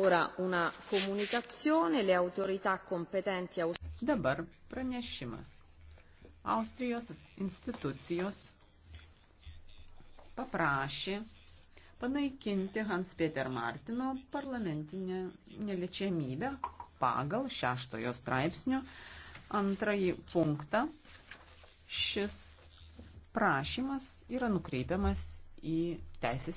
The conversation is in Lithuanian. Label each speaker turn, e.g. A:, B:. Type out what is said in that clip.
A: Ora una comunicazione, le autorità competenti Dabar pranešimas.
B: Austrijos institucijos paprašė panaikinti Hans Peter Martino parlamentinę neliečiamybę pagal šeštojo straipsnio antrąjį punktą. Šis prašymas yra nukreipiamas į teisės